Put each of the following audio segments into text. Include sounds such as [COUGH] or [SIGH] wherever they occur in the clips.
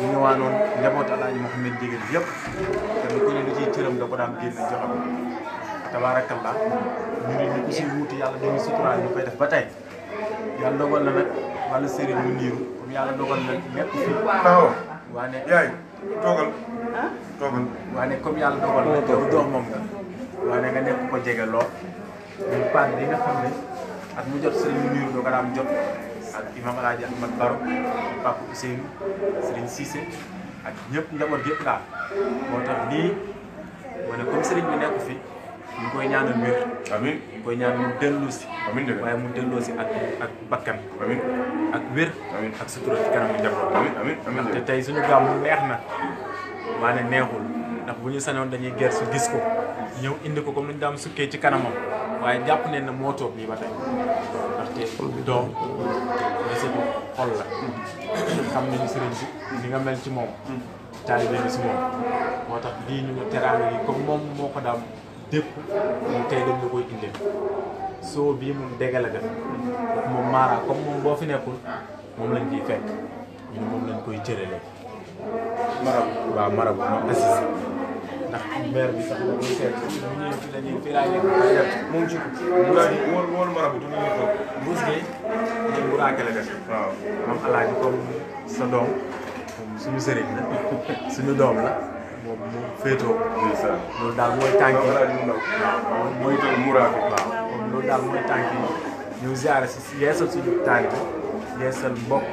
ñu ñëwaanoon njaboot alaaji Mouhamed Ndiéguène yëpp te lu ko ne ni ciy cëram da ko daan génn joxe ko tabaarakallah ñu ne ñu ku si wuuti yàlla dañu suturaal ñu koy def ba tey yàlla dogal na nag wàllu sëriñ yàlla dogal na nekk fii waaw waane yaay toogal ah? toogal waane comme yàlla dogal na te bu moom nga waane nga nekk ko jege lool ñu paat li nga xam ne ak mu jot sëriñ mu niiru doo daan jot ak imam alaaji ahmad baro papa Ousseynou Serigne Cissé ak ñëpp njaboot gépp daal moo tax nii ma ne comme Serigne bi nekk fi ñu koy ñaanal wér amiin ñaan mu si amiin waaye mu delloo si ak ak bakkan amiin ak wér ak sutura ci kanamu njaboot amiin amiin tey suñu gàmmu neex na maa ne neexul ndax bu ñu sañoon dañuy ger su gis ko ñëw indi ko comme ni ñu daan sukkee ci kanamam waaye jàpp ne na moo nii ba tey fàtte doom mais sëñ xol la xam nañu sëriñ bi ni nga mel ci moom taalibe bi si moom moo tax lii ñu nga teraanga yi comme moom moo ko daam dépp mu tey dañ la koy indil soo bii mu dégale def moom maara comme moom boo fi nekkul moom lañ ciy fekk ñu ne moom lañ koy jërale marabu waaw marabu moom assisé ndax maire bi sax la ñuy seet ñu ñëw fii la ñuy fii laa nekk moom ci bu la wóor wóor marabu du ñu toog buus gi ñun bu raakale def waaw moom alaaji comme sa doom suñu sëriñ la suñu doom la moom mu féetoo loolu daal mooy tànk yi waaw mooy tëb muraak waaw kon loolu daal mooy tànk yi ñu ziare si yeesal suñu taalibe yeesal mbokk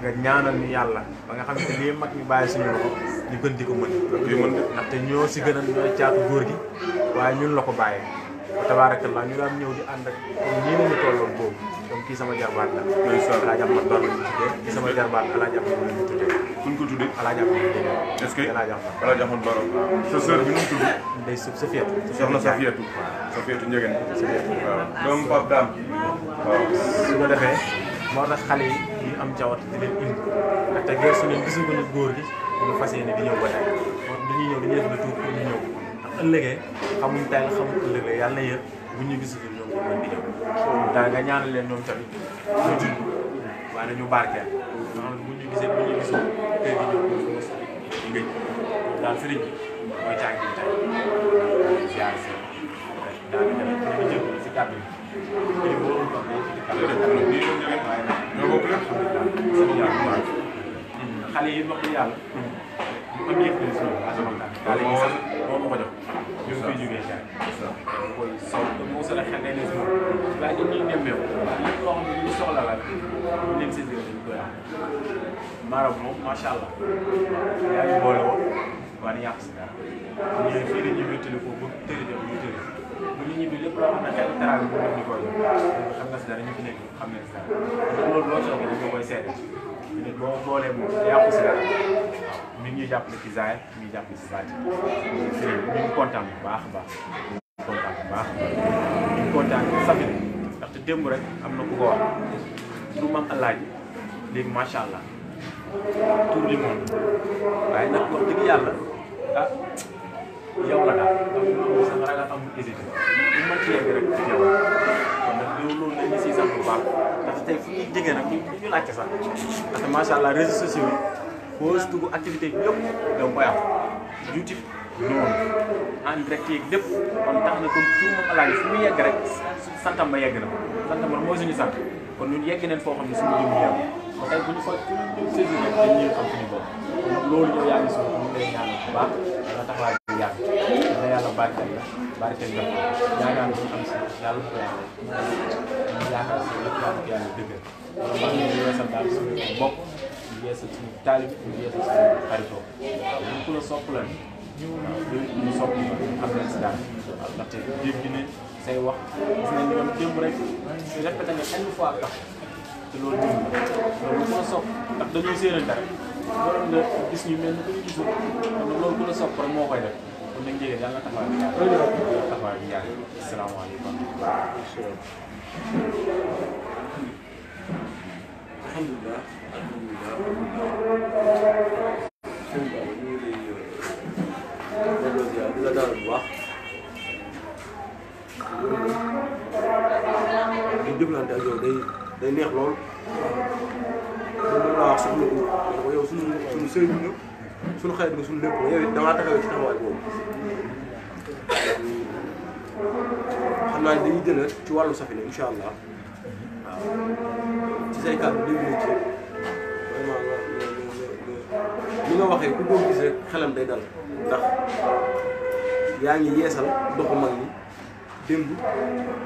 nga ñaanal ñu yàlla ba nga xam ne lii mag ñu bàyyi suñu loxo ñu gën di ko mën ndaxte ñoo si gën a ñooy caatu góor gi waaye ñun la ko bàyyee ba tabaarakallaa ñu daan ñëw di ànd ak comme ñii nañu tolloon boobu donc kii sama jarbaat la alaa jàpp ma doon lañu tuddee kii sama jarbaat alaa jàpp ma lañu tuddee kuñ ko tuddee alaa jàpp ma tuddee est-ce que alaa jàpp ma alaa jàpp ma borom sa sœur bi nu mu tudd su ko defee moo tax xale yi ñu am jawat di leen indi su leen gisu ko góor gi ñu fas yéene di ñëw ba tey kon du ñuy ñëw dañuy def le tour pour ñu ñëw ndax ëllëgee xamuñ tey la xamuñ ëllëgee yàlla yër bu ñu gisul ñoom ñu mën di ñëw daa nga ñaanal leen ñoom tamit ñu jub waaye dañu barkeel nga xam ne bu ñu gisee bu ñu gisul kër gi ñëw ñu mos di ngëj daal sëriñ bi mooy càng bi tey ziar si daa nga dem ñu jëm si kàddu yi ñu waroon ko ci kàddu yi ñu bokk la sama jaar xale yi ma dëgg yàlla. Mm-hmm. bu ëmb yëkkati si ñoom asamaantaat. xale ko ko jox. ñu ngi koy jugee jaay. mooy saw moo sën ak xel day nekk si moom. waaye ñun ñuy soxla la rek. ñu nekk yaa ngi boole woon. waa ni yàq si dara. ñu ñëwee fii dañuy wéttali ko ba bu ñu ñibbi lépp loo xam ne xel dara bi ñu ko jox. xam nga si dara ñu fi nekk xam nga si dara. loolu loo nit boo boolee moom yàqu si dara waaw nit ñuy jàppale ci zaay ñuy jàppale ci baati sëriñ ñu ngi kontaan bu baax a baax ngi kontaan bu baax ñu ngi kontaan ndaxte démb rek am na ku ko wax du mam àllaaji léegi macha allah tour du monde waaye nag wax dëgg yàlla ah la daal am sax ragal amul hésité bu ma ci yegg rek ci yow loolu loolu nañ ñu siy sant bu baax tey fu ñuy jógee nag du ñu laajte sax parce que macha allah réseaux sociaux yi boo si dugg activité bi yëpp da nga koy am YouTube noonu direct yeeg lépp kon tax na kon tur moom alaay fu muy yegg rek santam ba yegg na santam ba mooy suñu sant kon ñun yegg neen foo xam ne suñu jëm kon tey bu ñu ko xam suñu suñu ñu lay ñaanal bu baax dana yàlla barkeel la barkeel la yaakaar naa am si yàlla ko yàlla yaakaar si lépp yàlla ko yàlla dëggal loolu maa ngi yeesal daal suñu bopp ñu yeesal suñu taalib ñu yeesal suñu xaritoo ñu ku la sopp la waaw ñu sopp la am nañ si daal waaw ndaxte dégg ne say wax gis nañ ñoom démb rek répété nga une fois tax te loolu ñun loolu ku la sopp ndax dañoo séerante rek waroon nga gis ñu mel ni ku ñu gisul loolu ku la sopp rek moo koy def kon nag njëriñ yàlla taxawaay bi yàgg yàlla taxawaay bi yàgg asalaamaaleykum. alhamdulilah alhamdulilah. sëñ Ba ñu ngi lay delloo ziar di la daal bu baax di jëflante ak yow day day neex lool. loolu laa wax sax ne ko yow suñu suñu xarit nga suñu lépp nga yow it damaa taxawee ci taxawaay boobu xam naa dañuy gën a ci wàllu safina incha allah waaw ci say kàddu dégg nañ ci vraiment li nga waxee ku ko gis rek xelam day dal ndax yaa ngi yeesal doxu mag ñi démb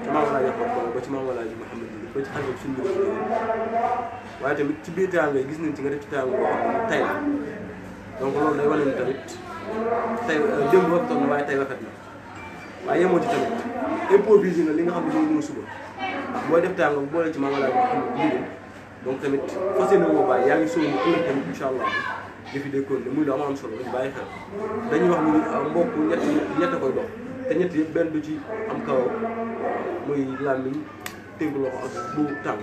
ci maam Alaaji Awa ba ci maam Alaaji Mouhamed ba ci xarit suñu biir waaye tamit ci biir tàng gis nañ ci nga def ci tàng boo xam ne tey la donc loolu day wane ni tamit tey euh, démb rafetoon na waaye tey rafet na waaye yemoo ci tamit improvisé na li nga xam ne moom mooy suba ndax booy def tàngoor boole ci maamalaay boo xam ne donc tamit fas yéene woo bàyyi yaa ngi sóobu ëllëg tamit muy lu am solo di bàyyi xel dañuy wax ni euh, mbokk ñett ñett koy dox te ñett yëpp benn du ci am kaw muy làmmiñ tënk loxo ak bu tàng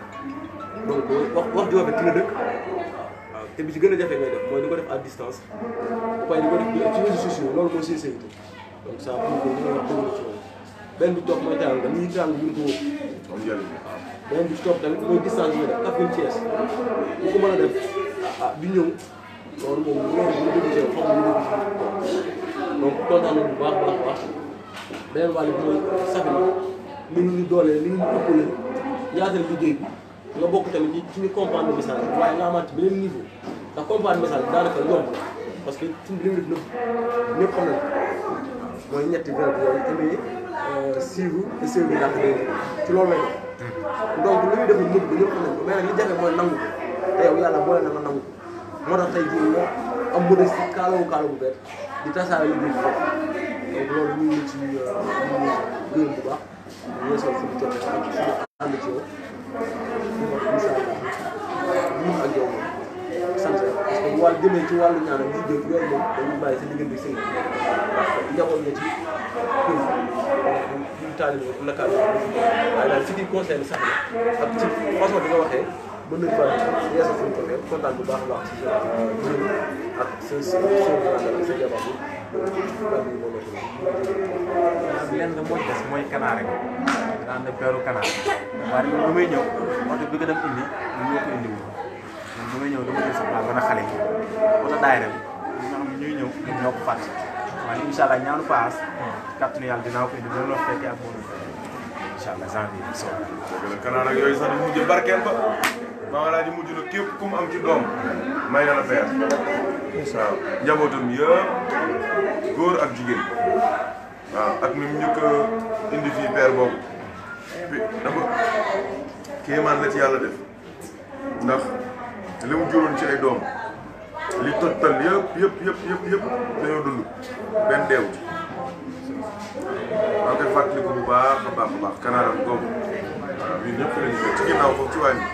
donc wax wax ju rafet ci la dëkk. te bi ci gën a jafe ngay def mooy di ko def à distance ba pare ko def ci réseaux sociaux loolu mooy seen saytu donc ça pour que ñu mën a wax dëgg ci loolu. benn bi ci topp mooy tàng dañuy tàng ñu ko wóor. beneen bi ci topp tamit mooy distance bi def Kaffrine Thiès bu ko mën a def ah, ah du ñëw loolu moom loolu bu ñu déglu seen xaw ma ñu donc kontaan nañu bu baax a baax a baax beneen wàll bi mooy Safina ni ñu dooleel ni ñu ëppalee yaatal liggéey bi. nga bokk tamit ci ci ñu comprendre message bi waaye nga xamante beneen niveau ndax comprendre message bi daanaka yomb parce que suñu réew mi ñëpp xam nañu mooy ñetti verbe yooyu aimer euh, suivre et servir ndax ci loolu lay dox. donc lu ñuy def ñun ñëpp ñëpp xam nañu ko mais nag li jafe mooy nangu te yow yàlla boole na ma nangu moo tax tey jii nga am modestie si kaalawu kaalawu bu bett di tasaare lu dul foofu donc loolu ñu ngi ci euh, ñu ngi gërëm bu baax ñu ngi soog suñu am ci wàllu nga ci kër yi taalib bu ko daan ne peeru canal waaye ñun bu ñëw oto bi nga dem indi ñun ñoo ñëw dama jël sa plan mën a xale yi oto daayira bi ñëw ñun ñoo ko fàtte waaye incha allah ñaanu paas yàlla dinaa ko indi dina la fekkee ak moom incha am ci doom may na la peer waaw njabootam yëpp góor ak jigéen waaw ak ni mu indi fii peer boobu bi dafa kéemaan la ci yàlla def ndax li mu juróon ci ay doom li tottal yëpp yëpp yëpp yëpp yëpp dañoo dund benn deew maa ngi koy fàttaliku bu baax a baax a baax kanaaram googu waaw ñun ñëpp lañu ci ginnaaw foofu ci waay mi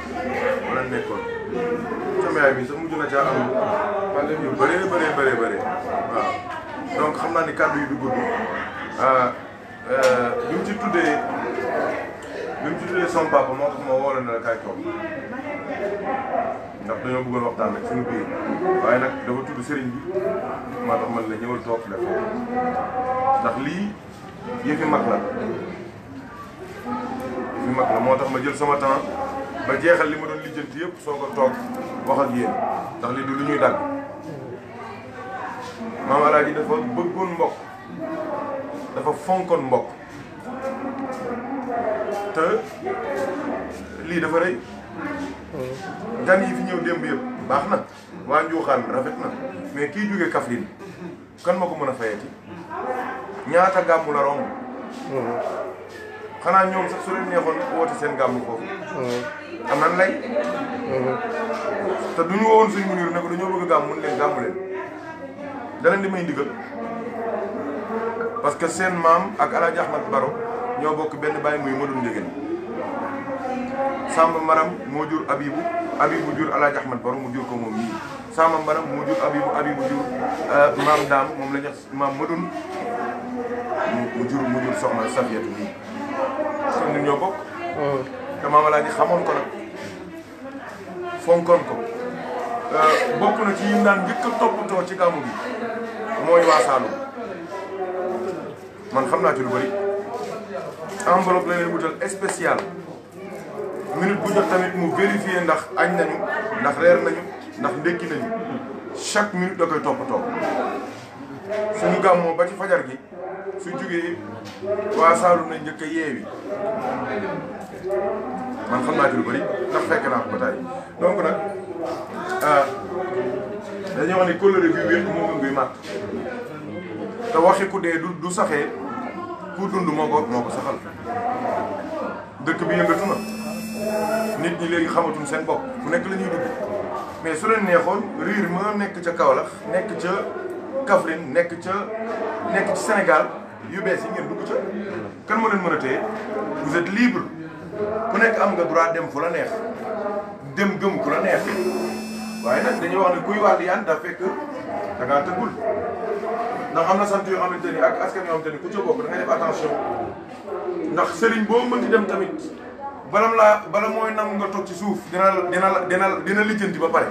wala nekkoon sama yaay bi sax mujj na caa am yu bëree bëree bëree waaw donc xam naa ni kàddu yi du bi ah, euh, mu ci tuddee bi mu tuddee sama waaye nag dafa tudd sëriñ la ñëwal toog def lii yëfi mag la mag la moo tax ma jël sama temps ba jeexal li ma doon lijjanti yëpp soo ko toog wax ak lu ñuy dagg maam alaaji dafa bëggoon mbokk dafa fonkoon mbokk te lii dafa rëy. gan yi fi ñëw démb yëpp baax na waa Njuuxaan rafet na mais kii jógee Kaffrine kan ma ko mën a fayati ñaata gàmmu la romb. xanaa ñoom sax su leen neexoon woote seen gàmmu foofu. am nan lay. te du ñu wowoon suñu munir ne ko dañoo bëgg a gàmm mun leen gàmmu leen da di may ndigal parce que seen maam ak El Hadj Baro. ñoo bokk benn baay muy Modou Ndiéguène Samba Maram moo jur Abibu Abibu jur Alaaji Ahmad Baro mu ko moom mii Samba Maram moo Abibu Abibu jur euh, maam Daam moom la ñu wax maam Modou mu jur mu jur soxna Safiyatu mii kon ñun ñoo bokk oh. maam Alaaji xamoon ko nag fonkoon euh, bokk na ci yim daan njëkk a toppatoo ci gàmmu bi mooy waa Saalum man xam naa ci lu bëri enveloppe la leen wutal spécial minute bu jot tamit mu vérifier ndax añ nañu ndax reer nañu ndax ndékki nañu chaque minute da koy toppatoo suñu gàmmoo ba ci fajar gi su jugee waa Saalum nañ njëkk a yeewi man xam naa ci lu ndax fekk naa ko ba donc nag ah, dañoo wax ne coloré bi wéet moo gën guy màtt te waxi ku dee du saxee. ku dund moo ko moo ko saxal dëkk bi yëngatu na nit ñi léegi xamatuñ seen bopp ku nekk lañuy ñuy dugg mais su leen neexoon riir ma nekk ca Kaolack nekk ca Kaffrine nekk ca nekk ci Sénégal yu bees yi ngeen dugg ca kan moo leen mën a téye vous libre ku nekk am nga droit dem fu la neex dem gëm ku la neex waaye nag dañuy wax ne kuy wàll yaan daa fekk da ngaa tëggul ndax am na sant yoo xamante ni ak askan yoo xamante ni ku ca bokk da def attention ndax sëriñ boo mën di dem tamit balam laa bala mooy nangu nga toog ci suuf dina la dina la dina ba pare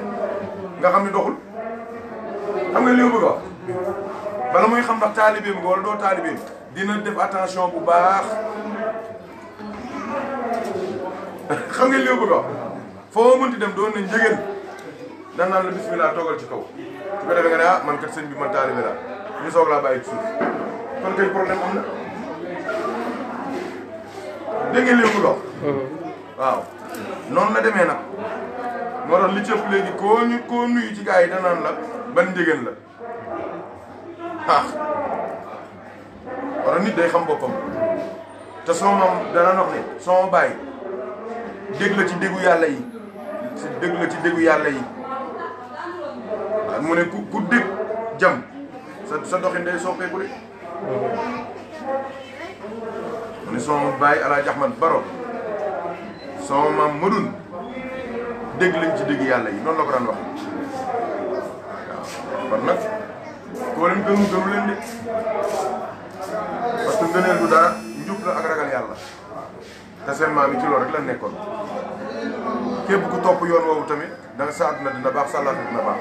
nga xam ne doxul xam nga li bëgg wax bala muy xam ndax taalibeem nga wala doo taalibeem dina def attention bu baax xam nga li bëgg wax foo mënti dem doon nañ njëgeen da naan la bismillah toogal ci kaw su ko defee nga ne ah man kat sëñ bi man taalibe laa ñu soog laa bàyyi suuf kon kay problème am na dégg nga léegi lox mhm. waaw noonu la demee nag moo tax li cëpp léegi koo ñu koo nuyu ci gaa yi danaan la ban njëgën la ah war nit day xam boppam te sama maam dana wax ne sama baay dégg la ci déggu yàlla yi si dégg la ci déggu yàlla yi waaw mu ne ku ku dégg jam sa sa doxin day soppeeku de. mu ne sama baay Alaaji Ahmad Baro sama maam Madun dégg lañ ci dégg yàlla yi noonu la ko daan wax waaw kon nag koo leen gëmu gëmu leen de parce que ngëneel du dara la ak ragal yàlla te seen maam yi ci rek la nekkoon képp ku topp yoon woowu tamit da nga sa àdduna dina baax sa àllaaxira dina baax.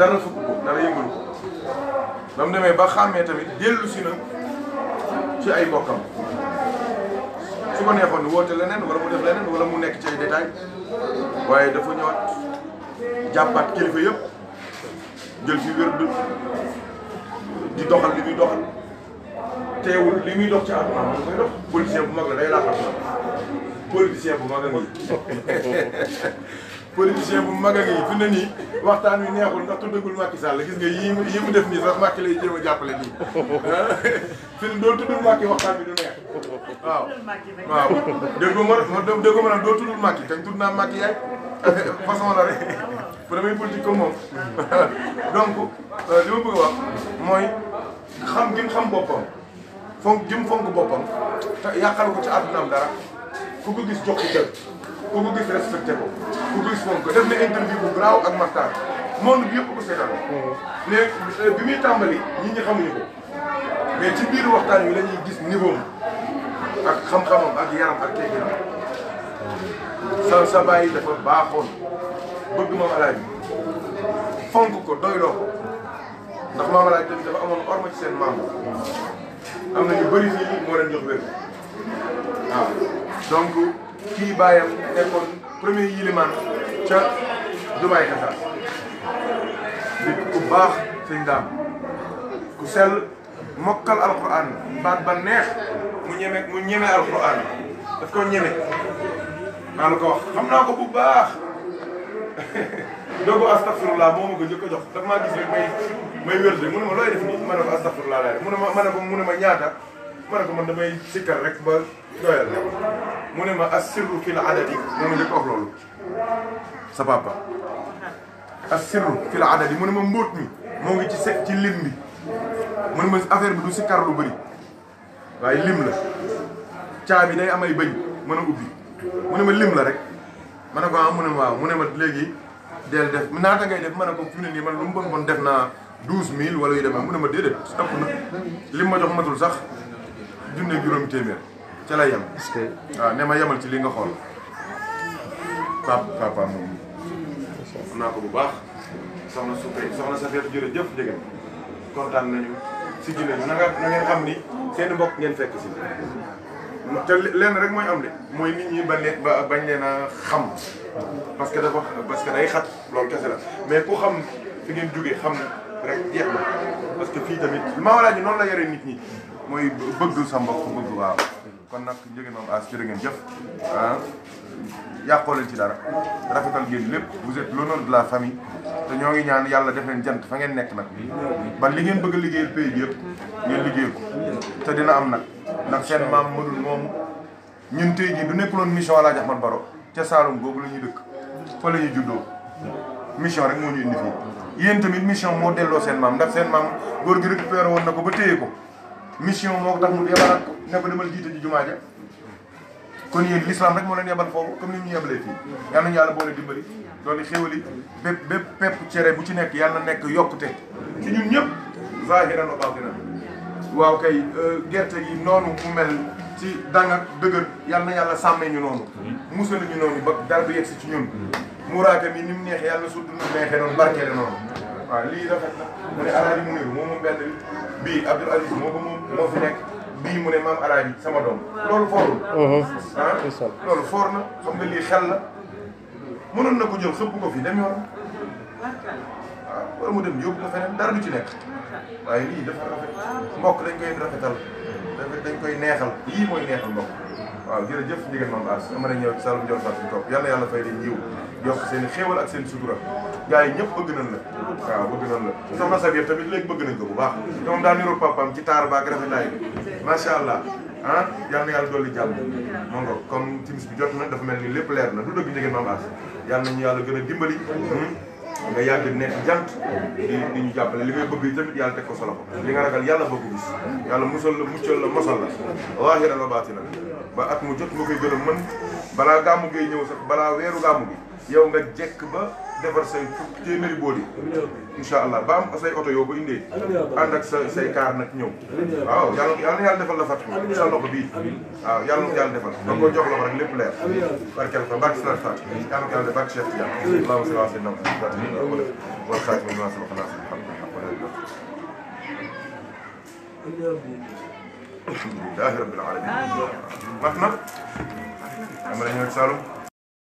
dara fukk ko dara yëngal ba mu demee ba xàmmee tamit dellu si na ci ay bokkam su ko neexoon ni woote leneen wala mu def leneen wala mu nekk ci ay waaye dafa ñëwaat jàppaat kilifa yëpp jël ci wér di doxal li muy doxal teewul li muy dox ci àdduna am koy dox politicien bu mag la day laaxal politicien bu mag a ngi [LAUGHS] politicien bu mag a ngi fi ne nii waxtaan wi neexul ndax tuddagul Macky Sall gis nga yii mu yii mu def nii sax Macky lay jéem a jàppale nii [LAUGHS] fi ne doo tuddul Macky waxtaan bi du neex waaw. waaw dégg nga ma dégg ma naan doo tuddul Macky kañ tudd naa Macky yaay [LAUGHS] façon la rek bu damay politique comme moom [LAUGHS] donc euh, li ma bëgg a wax mooy xam gim xam boppam fonk gim fonk boppam te yàqal ko ci àddunaam dara ku ko gis jox ko ku ko gis respecté ko ku gis fonk ko def na interview bu garaaw ak Makhtar monde bi yëpp ko seetaan mais mm-hmm. euh, bi muy tàmbali nit ñi xamuñu ko mais ci biir waxtaan wi la ñuy gis niveau ak xam-xamam ak yaram ak tegginam mm-hmm. sa sa bàyyi dafa baaxoon bëgg moom alaaj bi fonk ko doyloo ko ndax maam alaaj tamit dafa amoon orma ci seen maam mm-hmm. am na ñu bëri fii moo leen jox kii bàyyam nekkoon premier yilimaan ca Dubaay Qatar nit ku baax sëñ daam ku sell mokkal alquran baat ba neex mu ñeme mu ñeme alquran daf ko ñeme maa la ko wax xam naa ko bu baax [LAUGHS] doogu astafurlah moo ma ko a jox daf maa gis may may wérde mu ne ma looy def nii ma ne ko astafurlah laay def mu ne ma ma ko mu ne ma ñaata ma ko man damay sikkar rek ba doyal la mu ma assirru fil adadi moom ko wax loolu sa papa assirru fil adadi mu ma mbot mi mo ngi ci sek ci lim bi mu ma affaire bi du ci kar lu bëri lim la tia bi day amay ay bëñ mën a ubbi mu ma lim la rek ma ko am mu ma waaw ma legui del def naata ngay def ma ko fune ni man lu mu bon bon def na 12000 wala yu dem mu ma dedet stop na lim ma jox matul sax junne juroom témèr ca la yem waaw ne ma yemal ci li nga xool pap papa moom xam ko bu baax soxna soxna nañu si ji na nga na ngeen xam ni seen mbokk ngeen fekk si te lenn rek mooy am de mooy nit ñi ba bañ leen xam parce que dafa parce que day xat la mais ku xam fi ngeen xam rek jeex na parce que fii tamit maa walaaj noonu la yore ya nit ñi bëgg sa mbokk bëgg waaw kon nag njëgeen moom as jërë ngeen jëf ah yàqoo leen ci dara rafetal ngeen lépp vous êtes l'honneur de la fami te ñoo ngi ñaan yàlla def leen jant fa ngeen nekk nag ba li ngeen bëgg a liggéeyal bi yëpp ngeen liggéey ko te dina am nag ndax seen maam mënul moom ñun tey jii du nekkuloon mission El Hadj Ahmed Baro ca Saalum boobu la ñuy dëkk fa la juddoo mission rek moo ñu indi fii yéen tamit mission moo delloo seen maam ndax seen maam góor gi récupéré woon ko mission moo ko tax mu yebalaat ko ne a demal jumaa ja kon yéen l'islam rek moo leen yebal foofu comme ni ñu yebalee fii yal nañu yàlla boole dimbali doole xéwali bépp bépp pepp cere bu ci nekk yàlla nekk yokkute ci ñun ñëpp zahiran wa batinan waaw kay euh, gerte gi noonu mu mel ci dang ak dëgër yal yàlla sàmmee ñu noonu musal ñu noonu ba dara du yegsi ci ñun muraaka mi ni mu neexee yàlla na su dund neexee noonu barkeele noonu waaw lii rafet mu ne alaaji mu niru moo moom mbedd bi bii Abdoul Aziz moo ko moom moo fi nekk bii mu ne maam alaaji sama doom loolu foorul mhm. ah loolu foor na xam nga lii xel la mënoon na ko jël xëpp ko fii dem yoon waaw ah, wala mu dem yóbbu ko feneen dara du ci nekk waaye yii dafa rafet mbokk dañ koy rafetal dañ koy neexal yii mooy neexal mbokk waaw jërëjëf jigéen maam As dama ne ñëw ci Saloum Dior Fass bi topp yàlla yàlla fay leen yiw yokk seen i ak seen sutura gars ñëpp bëgg nañ la waaw bëgg nañ la soxna Sabir tamit léegi bëgg bu baax te moom daa niroog papaam ci allah ah yal na yàlla dolli jàmm moo nga comme timis bi jot na dafa mel ni lépp leer na du dëgg jigéen maam As yal nañu yàlla gën a dimbali hmm? nga yàgg nekk jant di di ñu jàppale li ngay bëgg yi tamit yàlla teg ko solo ko li nga ragal yàlla bëgg gis yàlla musal la muccal la mosal la waahiran wa baatinan ba at mu jot nga koy gën a mën balaa gàmmu ngay ñëw sax balaa weeru gàmmu gi yow nga jekk ba defar say fukki téeméeri booli incha allah ba am say oto yow ba indee ànd ak sa say kaar nag ñëw waaw yàlla yàlla defal la fàttali sa loxo bii waaw yàlla na yàlla defal da nga ko jox loxo rek lépp leer barkeel ko barke sa fat yàlla ko yàlla def barke Cheikh Tidiane allahumma salli ala sayyidina Muhammad wa ala alihi wa sahbihi wa sallam الحمد لله رب العالمين رحمة هنا يرسلوا